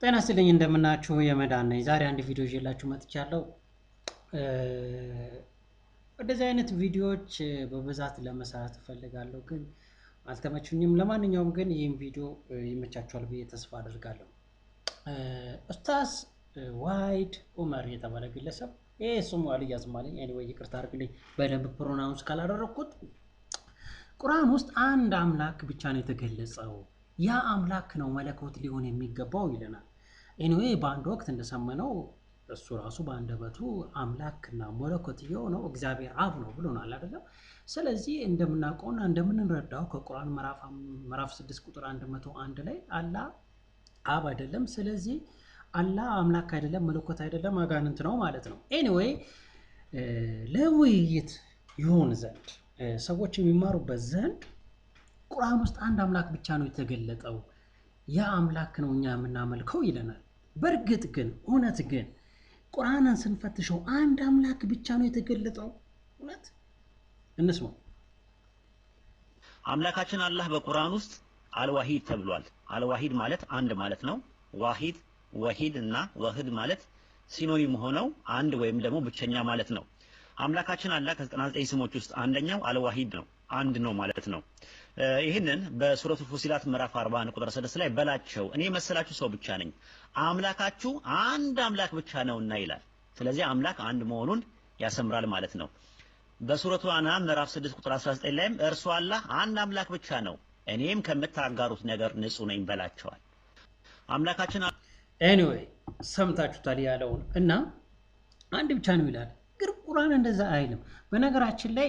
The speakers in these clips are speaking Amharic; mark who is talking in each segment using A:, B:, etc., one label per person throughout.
A: ጤና ይስጥልኝ እንደምናችሁ የመዳን ነኝ። ዛሬ አንድ ቪዲዮ ይዤላችሁ መጥቻለሁ። እንደዚህ አይነት ቪዲዮዎች በብዛት ለመስራት እፈልጋለሁ፣ ግን አልተመችኝም። ለማንኛውም ግን ይህም ቪዲዮ ይመቻችኋል ብዬ ተስፋ አደርጋለሁ። ኡስታዝ ዋሂድ ኡመር የተባለ ግለሰብ ይህ ስሙ አልያዝማለኝ፣ ኤኒዌይ ይቅርታ አድርግልኝ በደንብ ፕሮናውንስ ካላደረግኩት ቁርአን ውስጥ አንድ አምላክ ብቻ ነው የተገለጸው ያ አምላክ ነው መለኮት ሊሆን የሚገባው ይለናል። ኤኒዌ በአንድ ወቅት እንደሰመነው እሱ ራሱ በአንደበቱ አምላክና መለኮት የሆነው እግዚአብሔር አብ ነው ብሎናል አይደለም። ስለዚህ እንደምናውቀውና እንደምንረዳው ከቁርአን ምዕራፍ 6 ቁጥር 101 ላይ አላ አብ አይደለም። ስለዚህ አላ አምላክ አይደለም፣ መለኮት አይደለም፣ አጋንንት ነው ማለት ነው። ኤኒዌይ ለውይይት ይሆን ዘንድ ሰዎች የሚማሩበት ዘንድ ቁርአን ውስጥ አንድ አምላክ ብቻ ነው የተገለጠው፣ ያ አምላክ ነው እኛ የምናመልከው ይለናል። በእርግጥ ግን እውነት ግን ቁርአንን ስንፈትሸው አንድ አምላክ ብቻ ነው የተገለጠው? እውነት እንስማው። አምላካችን አላህ በቁርአን ውስጥ አልዋሂድ ተብሏል። አልዋሂድ ማለት አንድ ማለት ነው። ዋሂድ ወሂድ እና ወህድ ማለት ሲኖኒም ሆነው አንድ ወይም ደግሞ ብቸኛ ማለት ነው። አምላካችን አላህ ከዘጠና ዘጠኝ ስሞች ውስጥ አንደኛው አልዋሂድ ነው፣ አንድ ነው ማለት ነው። ይህንን በሱረቱ ፉሲላት ምዕራፍ 41 ቁጥር 6 ላይ በላቸው እኔ መሰላችሁ ሰው ብቻ ነኝ፣ አምላካችሁ አንድ አምላክ ብቻ ነውና ይላል። ስለዚህ አምላክ አንድ መሆኑን ያሰምራል ማለት ነው። በሱረቱ አንዓም ምዕራፍ 6 ቁጥር 19 ላይም እርሱ አላህ አንድ አምላክ ብቻ ነው፣ እኔም ከምታጋሩት ነገር ንጹህ ነኝ በላቸዋል። አምላካችን ኤኒዌይ ሰምታችሁታል ያለውን እና አንድ ብቻ ነው ይላል። ግን ቁርአን እንደዛ አይልም። በነገራችን ላይ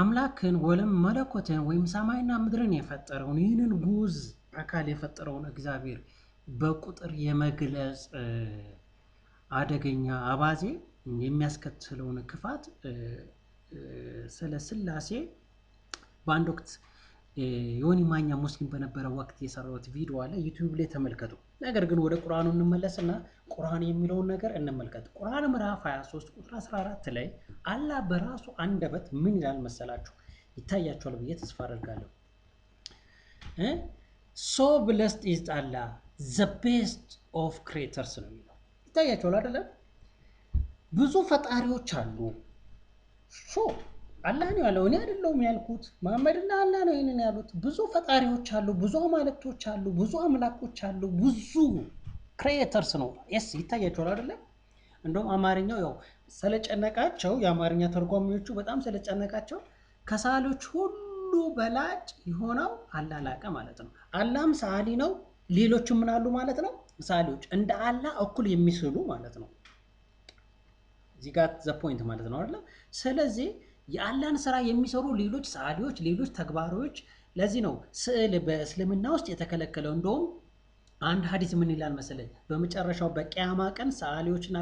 A: አምላክን ወለም መለኮትን ወይም ሰማይና ምድርን የፈጠረውን ይህንን ጉዝ አካል የፈጠረውን እግዚአብሔር በቁጥር የመግለጽ አደገኛ አባዜ የሚያስከትለውን ክፋት ስለ ስላሴ በአንድ ወቅት ዮኒ ማኛ ሙስሊም በነበረ ወቅት የሰራሁት ቪዲዮ አለ ዩቲዩብ ላይ ተመልከቱ። ነገር ግን ወደ ቁርአኑ እንመለስና ቁርአን የሚለውን ነገር እንመልከት። ቁርአን ምዕራፍ 23 ቁጥር 14 ላይ አላህ በራሱ አንደበት ምን ይላል መሰላችሁ? ይታያችኋል ብዬ ተስፋ አደርጋለሁ። ሶ ብለስድ ኢዝ አላህ ዘ ቤስት ኦፍ ክሬተርስ ነው የሚለው ይታያችኋል አይደለም? ብዙ ፈጣሪዎች አሉ አላህ ነው ያለው፣ እኔ አይደለሁም ያልኩት። መሐመድና አላህ ነው ይህንን ያሉት። ብዙ ፈጣሪዎች አሉ፣ ብዙ አማልክቶች አሉ፣ ብዙ አምላኮች አሉ፣ ብዙ ክሬተርስ ነው ስ ይታያቸዋል አይደለም። እንደውም አማርኛው ያው ስለጨነቃቸው የአማርኛ ተርጓሚዎቹ በጣም ስለጨነቃቸው ከሰዓሊዎች ሁሉ በላጭ የሆነው አላህ ላቀ ማለት ነው። አላህም ሰዓሊ ነው። ሌሎች አሉ ማለት ነው ሰዓሊዎች እንደ አላህ እኩል የሚስሉ ማለት ነው። እዚህ ጋር ዘ ፖይንት ማለት ነው አይደለም። ስለዚህ የአላህን ስራ የሚሰሩ ሌሎች ሰዓዲዎች፣ ሌሎች ተግባሮች ለዚህ ነው ስዕል በእስልምና ውስጥ የተከለከለው። እንደውም አንድ ሀዲስ ምን ይላል መሰለኝ? በመጨረሻው በቅያማ ቀን ሰዓሊዎችና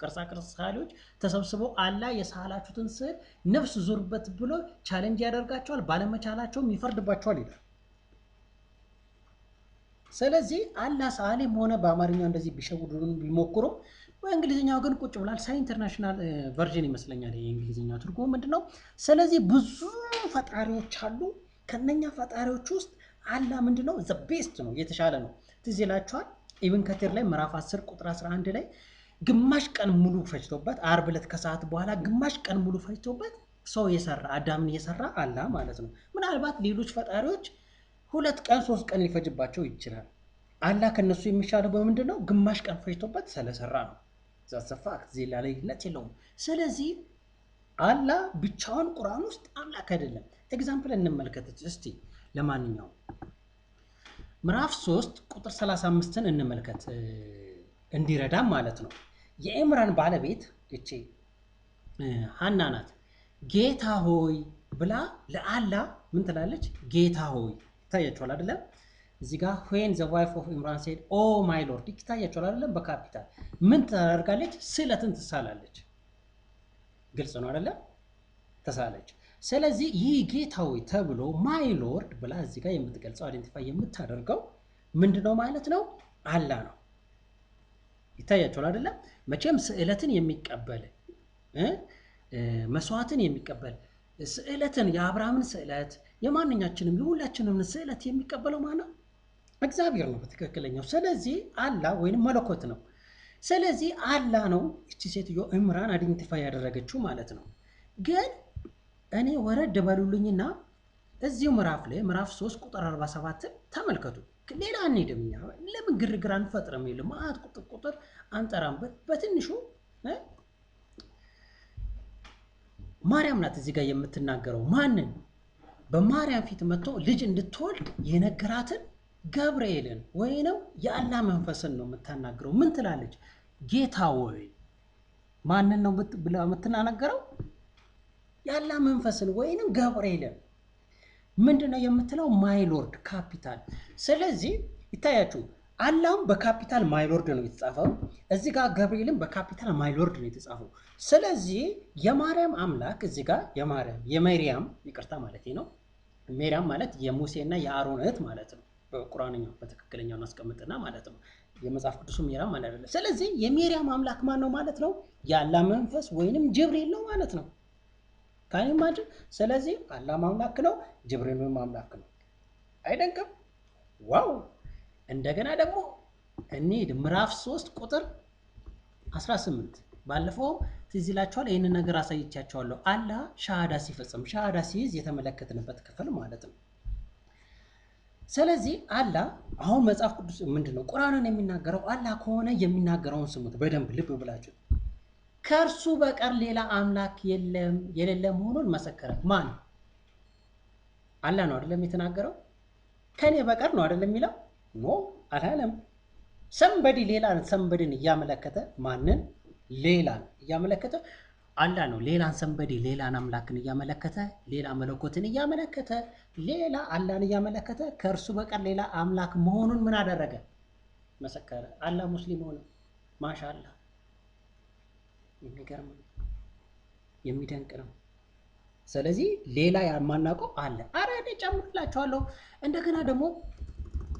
A: ቅርጻቅርጽ ሰዓሊዎች ተሰብስበው አላህ የሳላችሁትን ስዕል ነፍስ ዙርበት ብሎ ቻለንጅ ያደርጋቸዋል፣ ባለመቻላቸውም ይፈርድባቸዋል ይላል። ስለዚህ አላህ ሰዓሊም ሆነ በአማርኛው እንደዚህ ቢሸውዱን ቢሞክሩም በእንግሊዝኛው ግን ቁጭ ብላል። ሳይ ኢንተርናሽናል ቨርዥን ይመስለኛል የእንግሊዝኛው ትርጉሙ ምንድን ነው። ስለዚህ ብዙ ፈጣሪዎች አሉ። ከነኛ ፈጣሪዎች ውስጥ አላ ምንድን ነው ዘ ቤስት ነው፣ የተሻለ ነው። ትዝ ይላችኋል ኢብን ከቲር ላይ ምዕራፍ 10 ቁጥር 11 ላይ ግማሽ ቀን ሙሉ ፈጅቶበት፣ አርብ ዕለት ከሰዓት በኋላ ግማሽ ቀን ሙሉ ፈጅቶበት ሰው የሰራ አዳምን የሰራ አላ ማለት ነው። ምናልባት ሌሎች ፈጣሪዎች ሁለት ቀን ሶስት ቀን ሊፈጅባቸው ይችላል። አላ ከነሱ የሚሻለው በምንድን ነው? ግማሽ ቀን ፈጅቶበት ስለሰራ ነው። ዛሰፋክት ሌላ ልዩነት የለውም። ስለዚህ አላ ብቻውን ቁርአን ውስጥ አምላክ አይደለም። ኤግዛምፕል እንመልከት እስቲ ለማንኛውም ምዕራፍ 3 ቁጥር 35ን እንመልከት እንዲረዳ ማለት ነው። የኤምራን ባለቤት እቺ ሀና ናት። ጌታ ሆይ ብላ ለአላ ምን ትላለች? ጌታ ሆይ ታያችኋል አይደለም እዚህ ጋር ዌን ዘ ዋይፍ ኦፍ ኢምራን ሴድ ኦ ማይ ሎርድ ይታያቸዋል አይደለም? በካፒታል ምን ታደርጋለች? ስዕለትን ትሳላለች። ግልጽ ነው አይደለም? ተሳለች። ስለዚህ ይህ ጌታዊ ተብሎ ማይ ሎርድ ብላ እዚህ ጋር የምትገልጸው አይደንቲፋይ የምታደርገው ምንድነው ማለት ነው? አላ ነው። ይታያቸዋል አይደለም? መቼም ስዕለትን የሚቀበል መስዋዕትን የሚቀበል ስዕለትን የአብርሃምን ስዕለት የማንኛችንም የሁላችንም ስዕለት የሚቀበለው ማነው? እግዚአብሔር ነው በትክክለኛው። ስለዚህ አላ ወይንም መለኮት ነው። ስለዚህ አላ ነው እቺ ሴትዮ እምራን አይደንቲፋይ ያደረገችው ማለት ነው። ግን እኔ ወረድ በሉልኝና እዚሁ ምዕራፍ ላይ ምዕራፍ 3 ቁጥር 47 ተመልከቱ። ሌላ አንሄድም፣ እኛ ለምን ግርግር አንፈጥርም? ልማት ቁጥር ቁጥር አንጠራምበት። በትንሹ ማርያም ናት እዚህ ጋር የምትናገረው ማንን? በማርያም ፊት መጥቶ ልጅ እንድትወልድ የነገራትን ገብርኤልን ወይንም የአላህ መንፈስን ነው የምታናግረው። ምን ትላለች? ጌታ ወይ ማንን ነው የምትናነገረው? የአላህ መንፈስን ወይንም ገብርኤልን። ምንድነው የምትለው? ማይሎርድ ካፒታል። ስለዚህ ይታያችሁ አላም በካፒታል ማይሎርድ ነው የተጻፈው። እዚህ ጋር ገብርኤልን በካፒታል ማይሎርድ ነው የተጻፈው። ስለዚህ የማርያም አምላክ እዚህ ጋር የማርያም የመሪያም ይቅርታ ማለት ነው። ሜሪያም ማለት የሙሴና የአሮን እህት ማለት ነው። በቁርአንኛው በትክክለኛው እናስቀምጥና ማለት ነው። የመጽሐፍ ቅዱሱ ሚራም ማለት አይደለም። ስለዚህ የሚሪያም አምላክ ማን ነው ማለት ነው? የአላ መንፈስ ወይንም ጅብሪል ነው ማለት ነው። ማጅ ስለዚህ አላም አምላክ ነው፣ ጅብሪልም አምላክ ነው። አይደንቅም? ዋው! እንደገና ደግሞ እንሂድ ምዕራፍ 3 ቁጥር 18 ባለፈው ትዝ ይላችኋል። ይህንን ነገር አሳይቻቸዋለሁ። አላህ ሻሃዳ ሲፈጽም ሻሃዳ ሲይዝ የተመለከትንበት ክፍል ማለት ነው። ስለዚህ አላ አሁን መጽሐፍ ቅዱስ ምንድን ነው ቁርአንን የሚናገረው አላህ ከሆነ የሚናገረውን ስሙት በደንብ ልብ ብላችሁ። ከእርሱ በቀር ሌላ አምላክ የለም የሌለ መሆኑን መሰከረ። ማን አላ ነው አይደለም የተናገረው። ከኔ በቀር ነው አይደለም የሚለው ኖ አላለም። ሰንበዲ ሌላ ሰንበድን እያመለከተ ማንን ሌላን እያመለከተ አላ ነው ሌላን ሰንበዴ ሌላን አምላክን እያመለከተ ሌላ መለኮትን እያመለከተ ሌላ አላን እያመለከተ ከእርሱ በቀር ሌላ አምላክ መሆኑን ምን አደረገ? መሰከረ። አላ ሙስሊም ሆነ። ማሻአላ የሚገርም የሚደንቅ ነው። ስለዚህ ሌላ የማናውቀው አለ። አረ እኔ ጨምርላችኋለሁ። እንደገና ደግሞ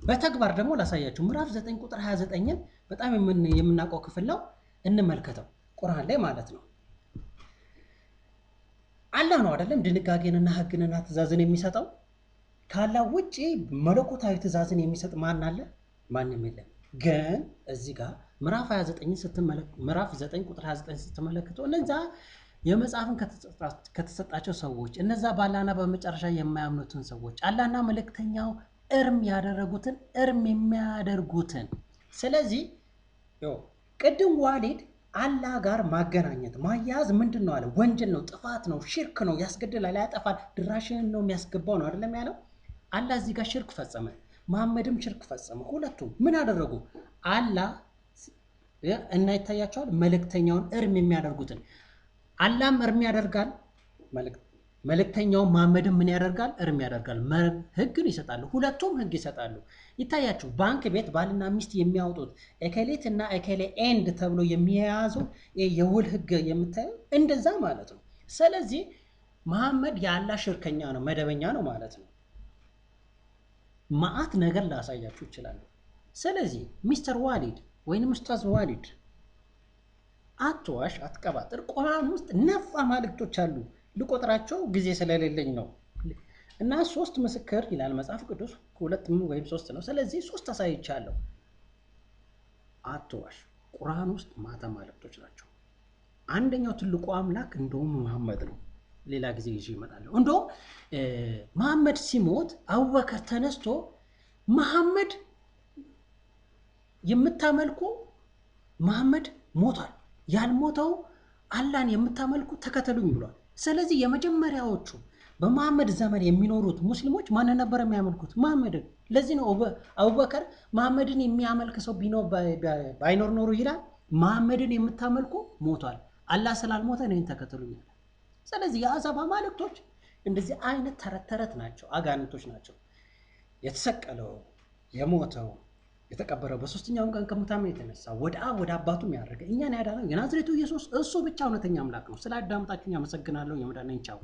A: በተግባር ደግሞ ላሳያችሁ። ምዕራፍ 9 ቁጥር 29ን በጣም የምናውቀው ክፍል ነው። እንመልከተው ቁርአን ላይ ማለት ነው አላህ ነው አይደለም ድንጋጌንና ህግንና ትእዛዝን የሚሰጠው። ካላ ውጭ መለኮታዊ ትእዛዝን የሚሰጥ ማን አለ? ማንም የለም። ግን እዚህ ጋር ምዕራፍ 29 ምዕራፍ 9 ቁጥር 29 ስትመለከቱ እነዛ የመጽሐፍን ከተሰጣቸው ሰዎች እነዛ ባላና በመጨረሻ የማያምኑትን ሰዎች አላህና መልእክተኛው እርም ያደረጉትን እርም የሚያደርጉትን። ስለዚህ ቅድም ዋሊድ አላ ጋር ማገናኘት ማያያዝ ምንድን ነው አለ? ወንጀል ነው፣ ጥፋት ነው፣ ሽርክ ነው፣ ያስገድላል፣ ያጠፋል፣ ድራሽን ነው የሚያስገባው ነው አይደለም ያለው። አላ እዚህ ጋር ሽርክ ፈጸመ፣ መሐመድም ሽርክ ፈጸመ። ሁለቱም ምን አደረጉ? አላ እና ይታያቸዋል መልእክተኛውን እርም የሚያደርጉትን አላህም እርም ያደርጋል መልእክት መልእክተኛው መሐመድን ምን ያደርጋል? እርም ያደርጋል። ህግን ይሰጣሉ። ሁለቱም ህግ ይሰጣሉ። ይታያችሁ፣ ባንክ ቤት ባልና ሚስት የሚያወጡት ኤከሌት እና ኤከሌ ኤንድ ተብሎ የሚያያዙ የውል ህግ የምታየው እንደዛ ማለት ነው። ስለዚህ መሐመድ ያላ ሽርከኛ ነው፣ መደበኛ ነው ማለት ነው። ማአት ነገር ላሳያችሁ ይችላሉ። ስለዚህ ሚስተር ዋሊድ ወይም ኡስታዝ ዋሊድ አትዋሽ፣ አትቀባጥር። ቁርአን ውስጥ ነፋ መልእክቶች አሉ። ልቆጥራቸው ጊዜ ስለሌለኝ ነው። እና ሶስት ምስክር ይላል መጽሐፍ ቅዱስ ሁለት ወይም ሶስት ነው። ስለዚህ ሶስት አሳይቻለሁ። አትዋሽ ቁርአን ውስጥ ማታ ማለቶች ናቸው። አንደኛው ትልቁ አምላክ እንደውም መሐመድ ነው። ሌላ ጊዜ ይዤ ይመጣለሁ እንደውም መሐመድ ሲሞት አቡበከር ተነስቶ መሐመድ የምታመልኩ መሐመድ ሞቷል፣ ያልሞተው አላህን የምታመልኩ ተከተሉኝ ብሏል። ስለዚህ የመጀመሪያዎቹ በመሐመድ ዘመን የሚኖሩት ሙስሊሞች ማንን ነበር የሚያመልኩት? መሐመድን። ለዚህ ነው አቡበከር መሐመድን የሚያመልክ ሰው ቢኖር ባይኖር ኖሩ ይላል መሐመድን የምታመልኩ ሞቷል፣ አላህ ስላልሞተ እኔን ይላል። ስለዚህ የአሕዛብ አማልክቶች እንደዚህ አይነት ተረት ተረት ናቸው፣ አጋንንቶች ናቸው። የተሰቀለው የሞተው የተቀበረው በሶስተኛውም ቀን ከሙታን የተነሳ ወደ አብ ወደ አባቱም ያደረገ እኛን ያዳነው የናዝሬቱ ኢየሱስ እሱ ብቻ እውነተኛ አምላክ ነው። ስለ አዳመጣችሁኝ አመሰግናለሁ። የመዳነኝ ቻው